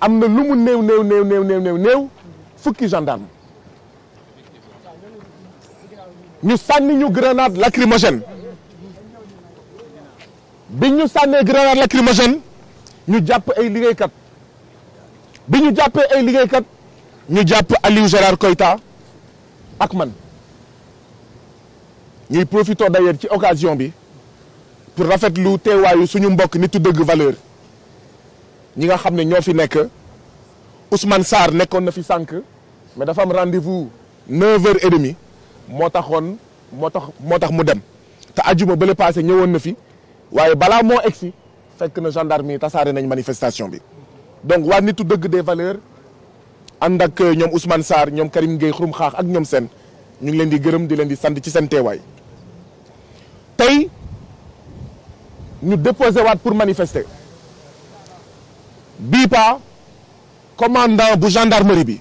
am na lu mu néew néew néew néew néew néew fukki gendarme ñu sànni ñu grenade lacrymogène bi ñu sànnee grenade lacrymogène ñu jàpp ay liggéeykat bi ñu jàppee ay liggéeykat ñu jàpp Aliou Gérard Koita ak man ñuy profité d'ailleurs ci occasion bi pour rafetlu teewaayu suñu mbokk nitu dëgg valeur ñi nga xam ne ñoo fi nekk Ousmane saar nekkoon na fi sànq mais dafa am rendez-vous neuf heures et demie moo taxoon moo tax moo tax mu dem te ajuma bële passé ñëwoon na fi waaye balaa moo si fekk na gendarme yi tasaare nañ manifestation bi donc waa tu dëgg des valeur ànd ak euh, ñoom Ousmane saar ñoom Karim Gueye xurum xaax ak ñoom seen ñu ngi leen di gërëm di leen di sant ci seen teewaay tey ñu déposé waat pour manifester bii paa commandant bu gendarmerie bi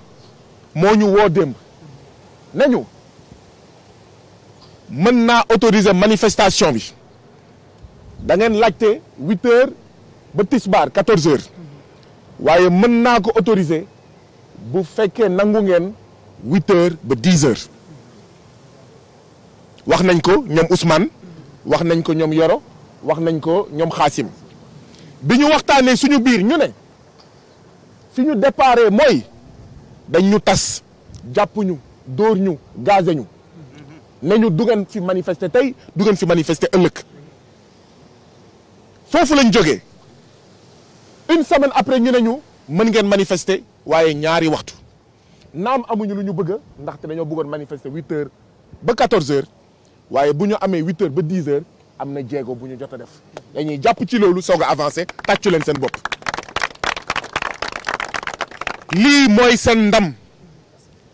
moo ñu woo démb nañu mën naa autoriser manifestation bi da ngeen laajte huit heures ba tisbaar quatorze heures waaye mën naa ko autoriser bu fekkee nangu ngeen huit heures ba dix heures wax nañ ko ñoom Ousmane wax nañ ko ñoom Yoro wax nañ ko ñoom Xaasim bi ñu waxtaanee suñu biir ñu ne fi ñu déparé mooy dañ ñu tas jàppuñu door dóor ñu gazé ñu ne ñu du ngeen fi manifester tey du ngeen fi manifester ëllëg foofu lañ jóge une semaine après ñu ne ñu mën ngeen manifester waaye ñaari waxtu naam amuñu lu ñu bëgg ndaxte dañoo bëggoon manifester huit heures ba quatorze heures waaye bu ñu amee huit heures ba dix heures am na jéego bu ñu jot a def dañuy jàpp ci loolu soog a avancer tàccu leen seen bopp. lii mooy seen ndam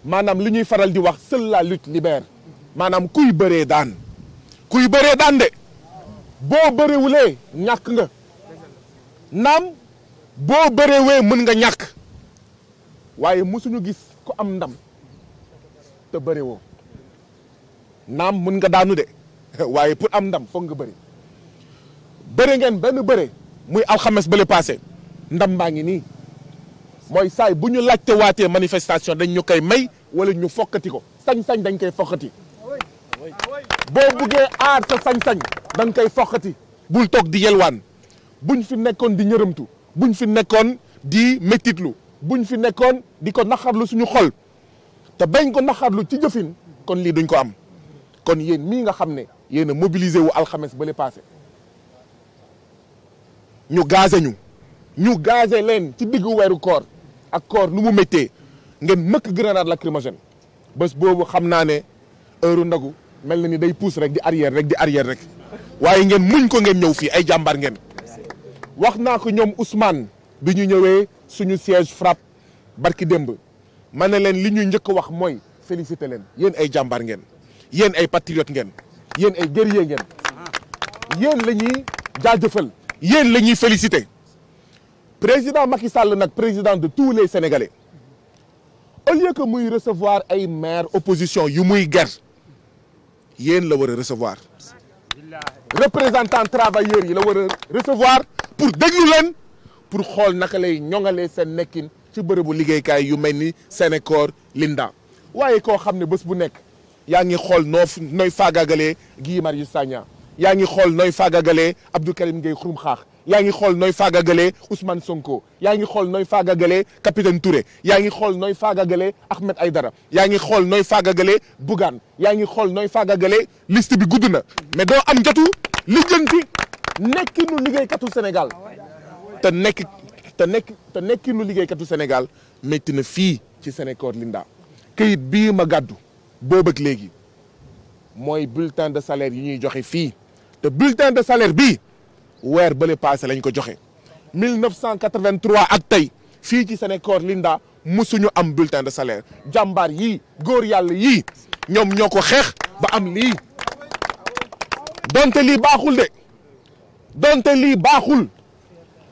maanaam li ñuy faral di wax seule la lutte libère maanaam kuy bëree daan kuy bëree daan de boo bëreewulee ñàkk nga naam boo bëreewee mën nga ñàkk waaye mësuñu gis ku am ndam te bëreewoo naam mën nga daanu de waaye pour am ndam foog nga bëri bëri ngeen benn bëre muy alxames bale paase ndam baa ngi nii mooy saay bu ñu laajte waatee manifestation dañ ñu koy may wala ñu foqati ko sañ-sañ dañ koy fokkati boo bëggee aar sa sañ-sañ dañ koy foqati bul toog di yelwaan buñ fi nekkoon di ñërëmtu buñ fi nekkoon di méttitlu buñ fi nekkoon di ko naqarlu suñu xol te bañ ko naxarlu ci jëfin kon lii duñ ko am kon yéen mii nga xam ne yéen a mobilisé wu alxames ba le passé ñu gazé ñu ñu gazé leen ci diggu weeru koor ak koor nu mu méttee ngeen mëkk grenade lacrymogène bés boobu xam naa ne heure ndagu mel na ni day pousse rek di arrière rek di arrière rek waaye ngeen muñ ko ngeen ñëw fii ay jàmbaar ngeen wax naa ko ñoom Ousmane bi ñu ñëwee suñu siège frappe barki demb ma ne leen li ñuy njëkk wax mooy félicité leen yéen ay jàmbaar ngeen yéen ay patriote ngeen yéen ay guerrier ngeen yéen la ñuy jaajëfal yéen la ñuy félicité président Macky Sall nag président de tous les sénégalais au lieu que muy recevoir ay maire opposition yu muy ger yéen la war a recevoir représentant travailleurs yi la war a recevoir pour déglu leen pour xool naka lay ñoŋalee seen nekkin ci bërëbu liggéeykaay yu mel ni Sénécor Linda waaye koo xam ne bés bu nekk yaa ngi xool noo nooy faagaagalee Guy Marius Sagna yaa ngi xool nooy faagaagalee Abdou Karim Gueye xurum xaax yaa ngi xool nooy faagagalee Ousmane Sonko yaa ngi xool nooy faagagalee capitaine Touré yaa ngi xool nooy faagagalee Ahmed Aydara yaa ngi xool nooy faagagalee Bougane yaa ngi xool nooy faagagalee liste bi gudd na mais doo am jotu bi nekkinu liggéeykatu Sénégal te nekk te nekk te liggéey katu senegal métti na fii ci Sénécor Linda këyit bii ma gàddu boobu ak léegi mooy bulletin de salaire yi ñuy joxe fii te bulletin de salaire bii. weer bële paase lañ ko joxe 1983 ak tey fii ci Sénécor Linda musuñu am bulletin de salaire jàmbaar yii góor yàlla yii ñoom ñoo ko xeex ba am lii donte lii baaxul de donte lii baaxul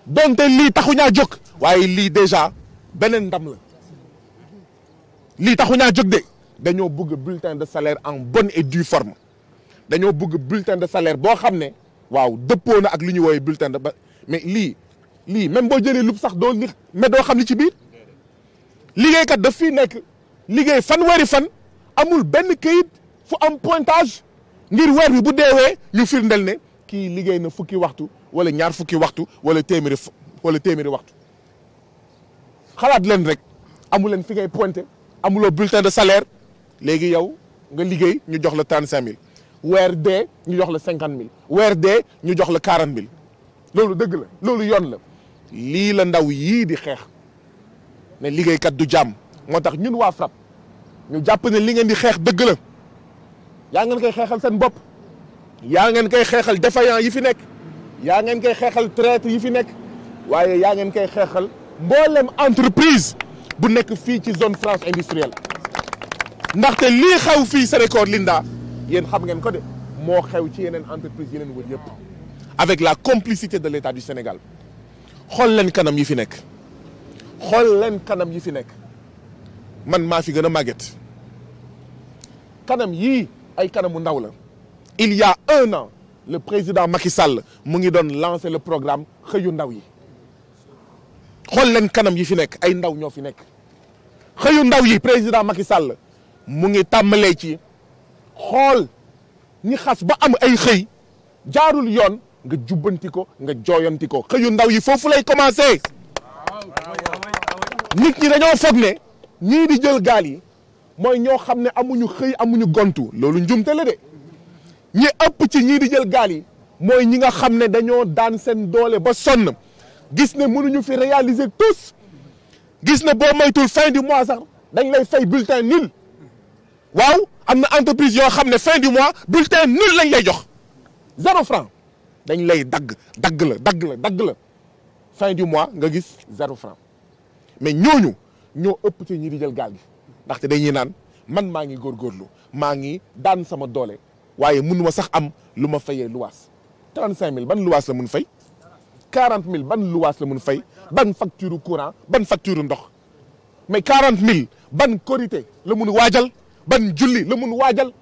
donte lii taxuñaa jóg waaye lii déjà beneen ndam la lii taxuñaa jóg de dañoo bëgg bulletin de salaire en bonne et due forme dañoo bëgg bulletin de salaire boo xam ne waaw dëppoo na ak li ñu woowee bulletin de ba mais lii lii même boo jëlee lu sax doo ni mais doo xam li ci biir kat daf fi nekk liggéey fanweeri fan amul benn kayit fu am pointage ngir weer bi bu deewee ñu firndel ne kii liggéey na fukki waxtu wala ñaar fukki waxtu wala téeméeri wala téeméeri waxtu xalaat leen rek amu leen fi ngay pointé amuloo bulletin de salaire léegi yow nga liggéey ñu jox la trente cinq mille weer dee ñu jox la cinquante mille weer dee ñu jox la quarante mille loolu dëgg la loolu yoon la lii la ndaw yii di xeex ne liggéeykat du jàmm moo tax ñun waa FRAPP ñu jàpp na li ngeen di xeex dëgg la yaa ngeen koy xeexal seen bopp yaa ngeen koy xeexal défaillant yi fi nekk yaa ngeen koy xeexal traître yi fi nekk waaye yaa ngeen koy xeexal mboolem entreprise bu nekk fii ci zone franche industrielle ndaxte lii xaw fii Sénégal Linda yéen xam ngeen ko de moo xew ci yeneen entreprise yeneen wër yëpp avec la complicité de l'État du Sénégal xool leen kanam yi fi nekk xool leen kanam yi fi nekk man maa fi gën a màgget kanam yi ay kanamu ndaw la il y un an le président Macky Sall mu ngi doon lancer le programme xëyu ndaw yi xool leen kanam yi fi nekk ay ndaw ñoo fi nekk xëyu ndaw yi président Macky Sall mu ngi tàmmalee ci xool ñi xas ba am ay xëy jaarul yoon nga jubbanti ko nga jooyanti ko xëyu ndaw yi foofu lay commencé nit ñi dañoo foog ne ñii di jël gaal yi mooy ñoo xam ne amuñu xëy amuñu gontu loolu njumte la de ñi ëpp ci ñii di jël gaal yi mooy ñi nga xam ne dañoo daan seen doole ba sonn gis ne mënuñu fi réaliser tous gis ne boo moytul fin du mois sax dañ lay fay bulletin nul waaw am na entreprise yoo xam ne fin du mois bulletin nul lañ lay jox zéro franc dañ lay dagg dagg la dagg la dagg la fin du mois nga gis zéro franc mais ñooñu ñoo ëpp ci ñi di jël gaal gi ndaxte dañuy naan man maa ngi góorgóorlu maa ngi daan sama doole waaye mënu ma sax am lu ma fayee luwaas trente cinq mille ban luwaas la mun fay quarante mille ban luwaas la mun fay ban facture courant ban facture ndox mais quarante mille ban korité la mun waajal ban julli la mun waajal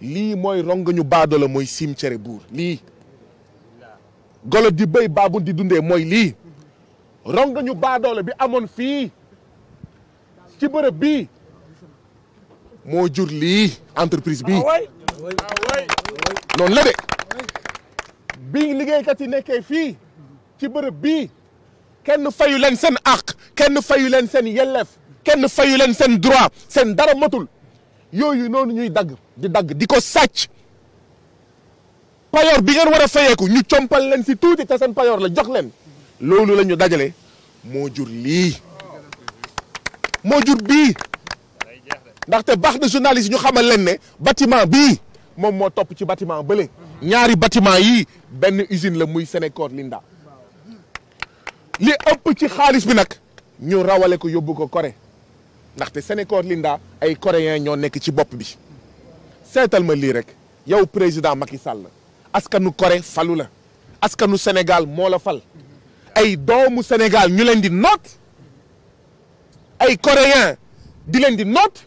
lii mooy rongañu baadola mooy cere buur lii golo di béy baabu di dundee mooy lii rongañu baadoole bi amoon fii ci bërëb bii moo jur lii entreprise bii noonu la de bi liggéeykat yi nekkee fii ci bërëb bii kenn fayu leen seen àq kenn fayu leen seen yelleef kenn fayu leen seen droit seen dara matul yooyu noonu ñuy dagg di dagg di ko sàcc payoor bi ngeen war a ñu compal leen si tuuti te seen payoor la jox leen loolu lañu dajale moo jur lii moo jur bii ndaxte baax na journaliste ñu xamal leen ne batiment bii moom moo topp ci batiment bële ñaari batiment yi benn usine la muy Sénécor Linda li ëpp ci xaalis bi nag ñu rawale ko yóbbu ko kore ndaxte Sénécor Linda ay coréen ñoo nekk ci bopp bi seetal ma lii rek yow président Macky la askanu Corée falu la askanu Sénégal moo la fal ay doomu Sénégal ñu leen di noot ay coréen di leen di noot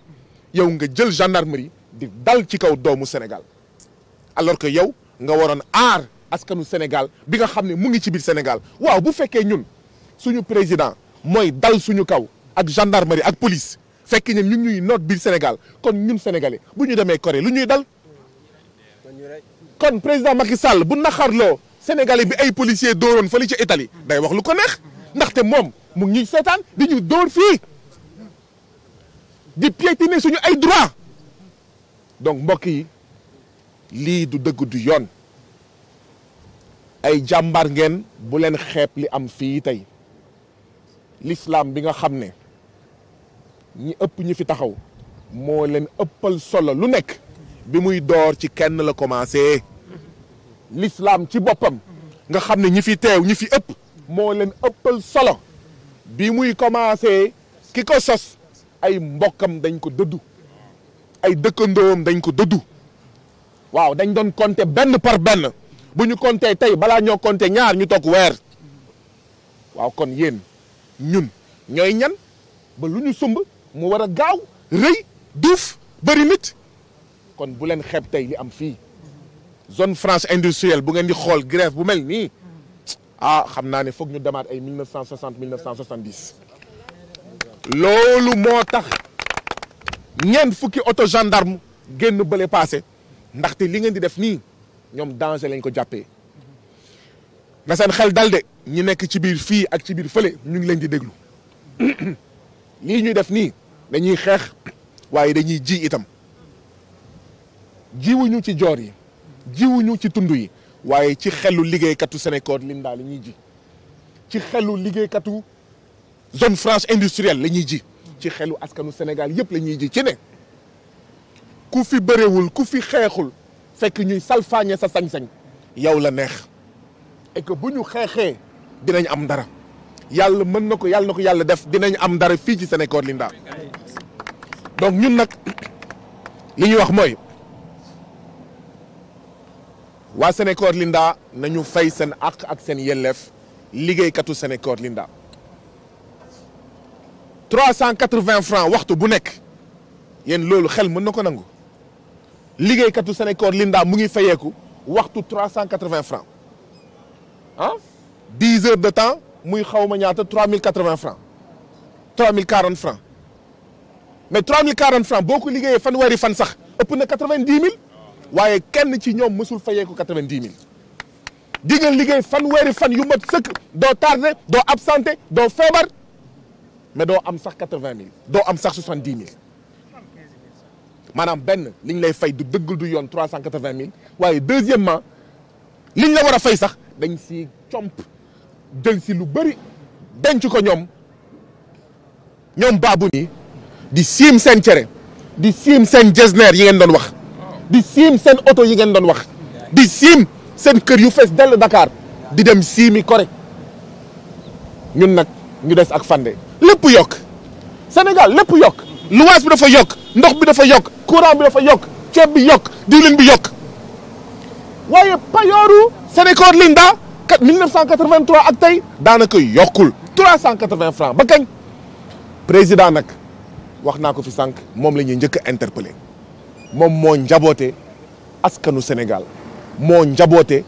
yow nga jël gendarmerie di dal ci kaw doomu Sénégal alors que yow nga waroon aar askanu Sénégal bi nga xam ne mu ngi ci biir Sénégal waaw bu fekkee ñun suñu président mooy dal suñu kaw ak gendarmerie ak police fekk ñoom ñu ñuy noot biir Sénégal kon ñun sénégalais bu ñu demee Corée lu ñuy dal. kon président Macky Sall bu naxarloo sénégalais bi ay policiers dóoroon fële ca Italie day wax lu ko neex ndaxte moom mu ngi seetaan di ñu dóor fii di piétiner suñu ay droit donc mbokk yi lii du dëgg du yoon ay jàmbar ngeen bu leen xeeb li am fii tey l'islam bi nga xam ne. ñi ëpp ñi fi taxaw moo leen ëppal solo lu nekk bi muy door ci kenn la commencé lislaam ci boppam nga xam ne ñi fi teew ñi fi ëpp moo leen ëppal solo bi muy commencé ki ko sos ay mbokkam dañ ko dëddu ay dëkkandoom dañ ko dëddu waaw dañ doon compter benn par benn bu ñu compter tey balaa ñoo compter ñaar ñu toog weer waaw kon yéen ñun ñooy ñan ba lu ñu sumb mu war a gaaw rëy duuf bëri nit kon bu leen xeeb tey li am fii zone France industrielle bu ngeen di xool grève bu mel nii ah xam naa ne foog ñu demaat ay 1960 1970 loolu moo tax ñeent fukki auto gendarme génn bale passé ndaxte li ngeen di def nii ñoom danger lañ ko jàppee na seen xel dal de ñi nekk ci biir fii ak ci biir fële ñu ngi leen di déglu lii ñuy def nii dañuy xeex waaye dañuy ji itam jiwuñu ci joor yi jiwuñu ci tund yi waaye ci xelu liggéeykatu Sénégal Linda la ñuy ji ci xelu liggéeykatu zone franche industrielle la ñuy ji ci xelu askanu Sénégal yëpp lañuy ji ci ne ku fi bëriwul ku fi xeexul fekk ñuy salfaañe sa sañ-sañ yow la neex et que bu ñu xeexee dinañ am dara yàlla mën na ko yàlla ko yàlla def dinañ am dara fii ci Sénégal Linda donc ñun nag li ñuy wax mooy waa Sénécor Linda nañu fay seen àq ak seen yelleef liggéeykatu Sénécor Linda 380 francs waxtu bu nekk yéen loolu xel mën na ko nangu liggéeykatu Sénécor lindaa mu ngi fayeeku waxtu 380 francs ah 10 heures de temps muy xaw ma ñaata 3080 francs francs mais 3040 francs boo ko liggéeyee fanweeri fan sax ëpp na 90 000 waaye kenn ci ñoom mësul fayee ko 90 000 di nga liggéey fanweeri fan yu mat sëkk doo tardé doo absenté doo feebar mais doo am sax 80 000 doo am sax 70 000 maanaam benn liñ lay fay du dëggul du yoon 380 000 waaye deuxièmement liñ la war a fay sax dañ si comp jël si lu bëri denc ko ñoom ñoom baabu nii di siim seen cere di siim seen jesneer yi ngeen doon wax di siim seen oto yi ngeen doon wax di siim seen kër yu fees dell Dakar di dem siimi correct ñun nag ñu des ak fande lépp yokk Sénégal lépp yokk luwaas bi dafa yokk ndox bi dafa yokk courant bi dafa yokk ceeb bi yokk diwlin bi yokk waaye payooru Sénégal linda 1983 ak tey daanaka yokkul 380 francs ba kañ président nag wax naa ko fi sànq moom lañuy njëkk a moom moo njaboote askanu Sénégal moo njaboote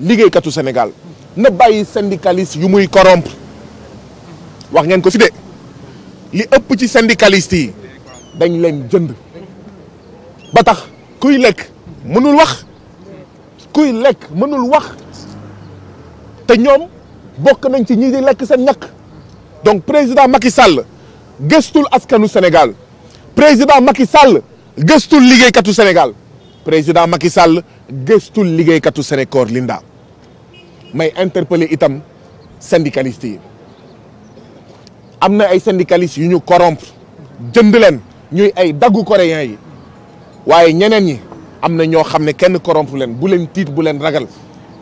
liggéeykatu Sénégal na bàyyi syndicaliste yu muy corrompre wax ngeen ko fi de li ëpp ci syndicaliste yi dañ leen jënd ba tax kuy lekk mënul wax kuy lekk mënul wax te ñoom bokk nañ ci ñi di lekk seen ñàkk donc président Macky sàll gëstul askanu Sénégal président Macky Sall gëstul liggéeykatu Sénégal président Macky Sall gëstul liggéeykatu Sénécor Linda may interpeller itam syndicalistes yi am na ay syndicalistes yu ñu corrompre jënd leen ñuy ay daggu coréens yi waaye ñeneen ñi am na ñoo xam ne kenn corrompre leen bu leen tiit bu leen ragal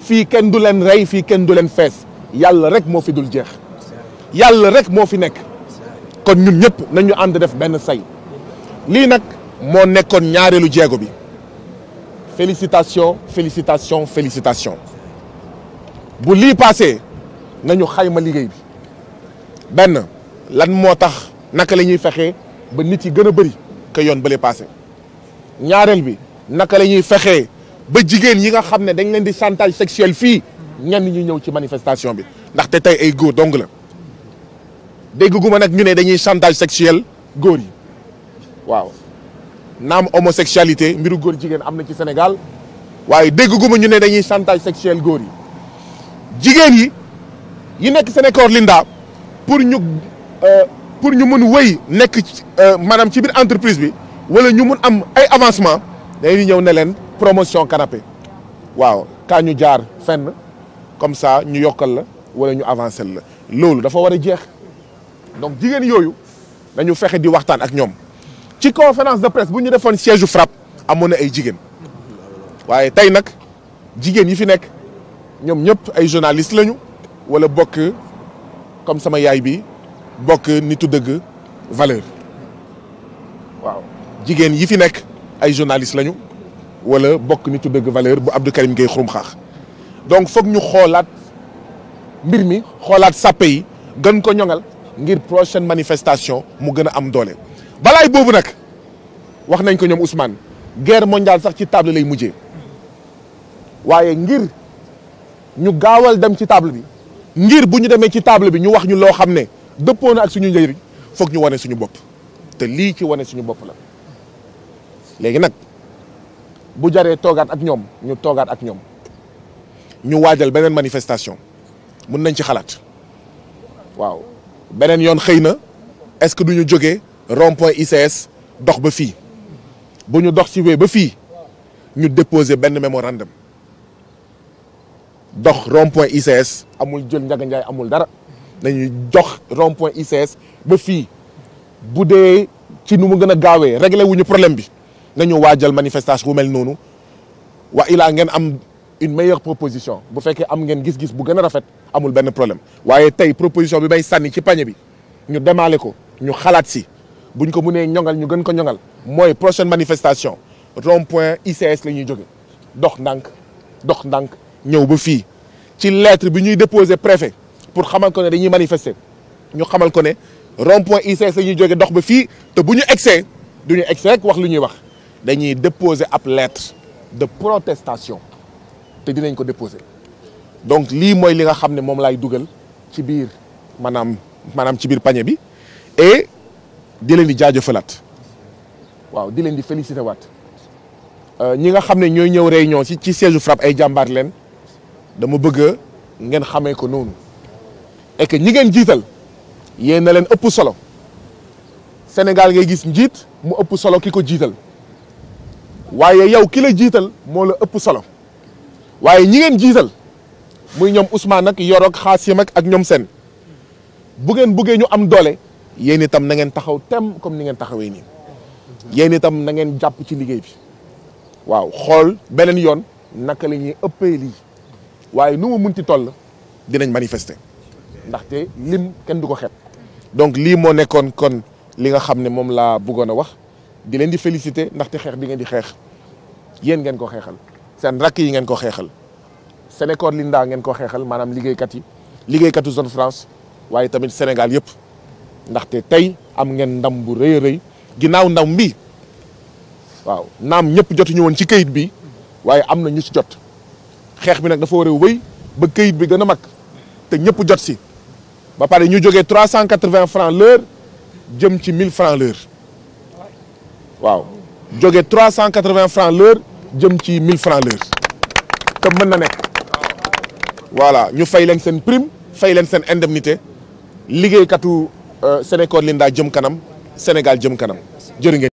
fii kenn du leen rey fii kenn du leen fees yàlla rek moo fi dul jeex yàlla rek moo fi nekk kon ñun ñëpp nañu ànd def benn say lii nag moo nekkoon ñaareelu jéego bi félicitations félicitations félicitations bu lii passé nañu xayma liggéey bi benn lan moo tax naka la ñuy fexee ba nit yi gën a bëri yoon bale passé ñaareel bi naka la ñuy fexee ba jigéen yi nga xam ne dañ leen di chantage sexuel fii ñenn ñi ñëw ci manifestation bi ndaxte tey ay góor dong la. dégguma nag ñu ne dañuy chantage sexuel góor yi waaw naam homosexualité mbiru góor jigéen am na ci Sénégal waaye dégguma ñu ne dañuy chantage sexuel góor yi jigéen yi yu nekk Sénécor Linda pour ñu euh, pour ñu mun wëy nekk euh, maanaam ci biir entreprise bi wala ñu mun am ay avancement dañuy ñëw ne leen promotion canapé waaw kaa ñu jaar fenn comme ça ñu yokkal la wala ñu avancer la loolu dafa war a jeex. donc jigéen yooyu dañu fexe di waxtaan ak ñoom ci conférence de presse bu ñu defoon siège u FRAPP amoon na ay jigéen waaye tey nag jigéen yi fi nekk ñoom ñëpp ay journaliste lañu wala bokk comme sama yaay bi bokk nitu dëgg valeur waaw jigéen yi fi nekk ay journaliste lañu wala bokk nitu dëgg valeur bu Abdou Karim Gueye xurum xaax donc foog ñu xoolaat mbir mi xoolaat sàppe yi gën ko ñoŋal ngir prochaine manifestation mu gën a am doole. balaay boobu nag wax nañ ko ñoom Ousmane guerre mondial sax ci table lay mujjee waaye ngir ñu gaawal dem ci table bi ngir bu ñu demee ci table bi ñu wax ñu loo xam ne dëppoon ak suñu njëriñ foog ñu wane suñu bopp te lii ci wane suñu bopp la léegi nag bu jaree toogaat ak ñoom ñu toogaat ak ñoom ñu waajal beneen manifestation mun nañ ci xalaat waaw. beneen yoon xëy na est-ce que du ñu jógee rond-point dox ba fii bu ñu dox si wee ba fii ñu déposer benn mémorandum dox rond-point ICS amul jël Ndiaga amul dara nañuy jox rond-point ICS ba fii bu dee ci nu mu gën a gaawee réglé ñu problème bi nañu waajal manifestation bu mel noonu wa ilaa ngeen am une meilleure proposition bu fekkee am ngeen gis-gis bu gën a rafet amul benn problème waaye tey proposition bi bay sànni ci pañe bi ñu demaale ko ñu xalaat si buñ ko mënee ñongal ñu gën ko ñongal mooy prochaine manifestation rond point ICS la ñuy jóge dox ndànk dox ndànk ñëw ba fii ci lettre bi ñuy déposé préfet pour xamal ko ne dañuy manifester ñu xamal ko ne rond point ICS la ñuy jóge dox ba fii te bu ñu egsee du ñu egsee rek wax lu ñuy wax dañuy déposer ab lettre de protestation te dinañ ko déposé donc lii mooy li nga xam ne moom laay dugal ci biir maanaam maanaam ci biir panier bi di leen di jaajëfalaat waaw dinañ di félicité waat euh, ñi nga xam ne ñooy ñëw réunion ci ci siège FRAPP ay jàmbaar leen dama bëgg ngeen xamee ko noonu et que ñi ngeen jiital yéen na leen ëpp solo Sénégal nga gis njiit mu ëpp solo ki ko jiital waaye yow ki la jiital moo la ëpp solo. waaye ñi ngeen jiital muy ñoom Ousmane ak Yoro Xaasim ak ñoom seen bu ngeen buggee ñu am doole yéen itam na ngeen taxaw tem comme ni ngeen taxawee nii yéen itam na ngeen jàpp ci liggéey bi waaw xool beneen yoon naka lañuy ñuy ëppee lii waaye nu mu munti toll dinañ manifester ndaxte lim kenn du ko xeeb donc lii moo nekkoon kon li nga xam ne moom laa buggoon a wax di leen di féliciter ndaxte xeex bi ngeen di xeex yéen ngeen ko xeexal. seen rakk yi ngeen ko xeexal Sénécor Linda ngeen ko xeexal maanaam liggéeykat yi liggéeykatu zone France waaye tamit Sénégal yëpp ndaxte tey am ngeen ndam bu rëy a rëy ginnaaw ndam bi waaw naam ñëpp jotuñu woon ci kayit bi waaye am na ñu ci jot xeex bi nag dafa war a wéy ba kayit bi gën a mag te ñëpp jot si ba pare ñu joge trois cent quatre-vingts francs jëm ci mille francs l'heure waaw jógee trois cent quatre-vingts jëm ci mille francs l'heure te mën na nekk voilà ñu fay leen seen prime fay leen seen indemnité liggéeykatu euh, Sénécor Linda jëm kanam Sénégal jëm kanam jërë